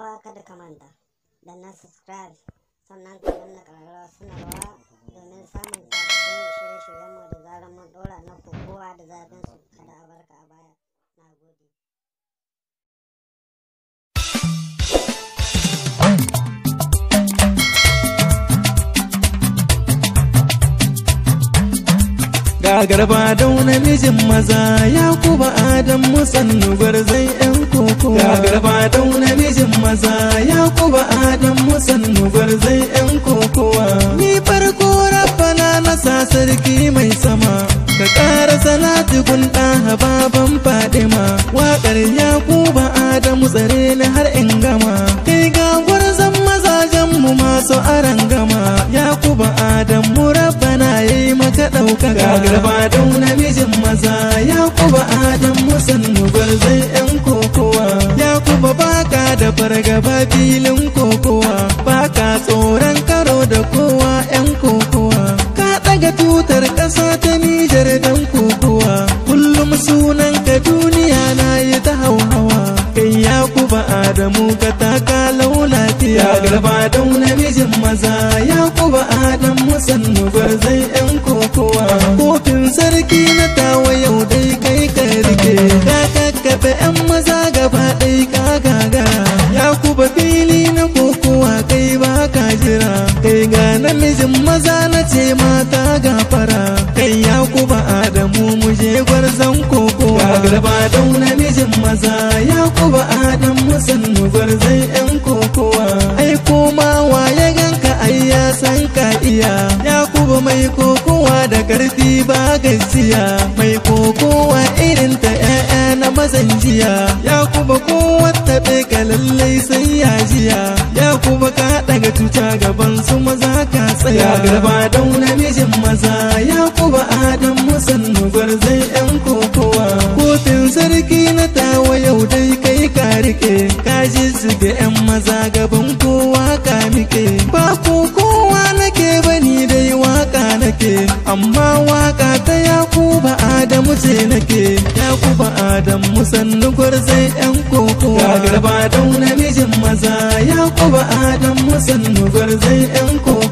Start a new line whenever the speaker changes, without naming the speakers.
uwa kada ka manta da na subscribe sannan ka danna suna rawa domin samun sabbin shirye mu da zarar mun na kokowa da zafin su kada a barka a baya na gode ga garba da namijin maza ya kuba adam nubar zai mutuwa garba dau namijin maza ya kuba adam musan nubar yan kokowa ni farko rabbana nasa sarki mai sama ka kara salati gun ɗaha baban fadima waƙar ya kuba adamu tsare ni har in gama kai ga gwarzon mazajen mu masu arangama ya kuba adamu rabbana yayi maka ɗaukaka garba dau mijin maza ya kuba adam musan nubar fargaba filin kokowa baka tsoron karo da kowa yan kokowa ka daga tutar ƙasa ta nijar dan kokowa kullum sunan ka duniya na yi ta hauhawa kai ya kuba adamu ka taka ya garba don namijin maza ya kuba adamu sannu zai yan kokowa kofin sarki na tawa yau dai kai ka rike ka kakkafe yan maza gaba ɗai kaga ka jira kai ga namijin maza na ce mata gafara kai ya kuba adamu mu je gwarzon koko garba dau namijin maza ya kuba adamu sannu gwarzon yan kokowa ai ma waye ganka ai ya san ka iya ya kuba mai kokowa da karfi ba gaskiya mai kokowa irin ta 'ya'ya na mazan jiya ya kuba kowa cuta gaban su maza ka tsaya gaba don namijin maza ya kuba adam nubar zai yan kokowa kotun sarki na tawa yau dai kai ka rike ka ji ga yan maza gaban kowa ka mike ba ku kowa nake bani dai waka nake amma waka ta ya yakuba adamu ce nake adam adamu sannu zai yan kokowa gaba don namijin maza ya kuba adam musan zai yan kowa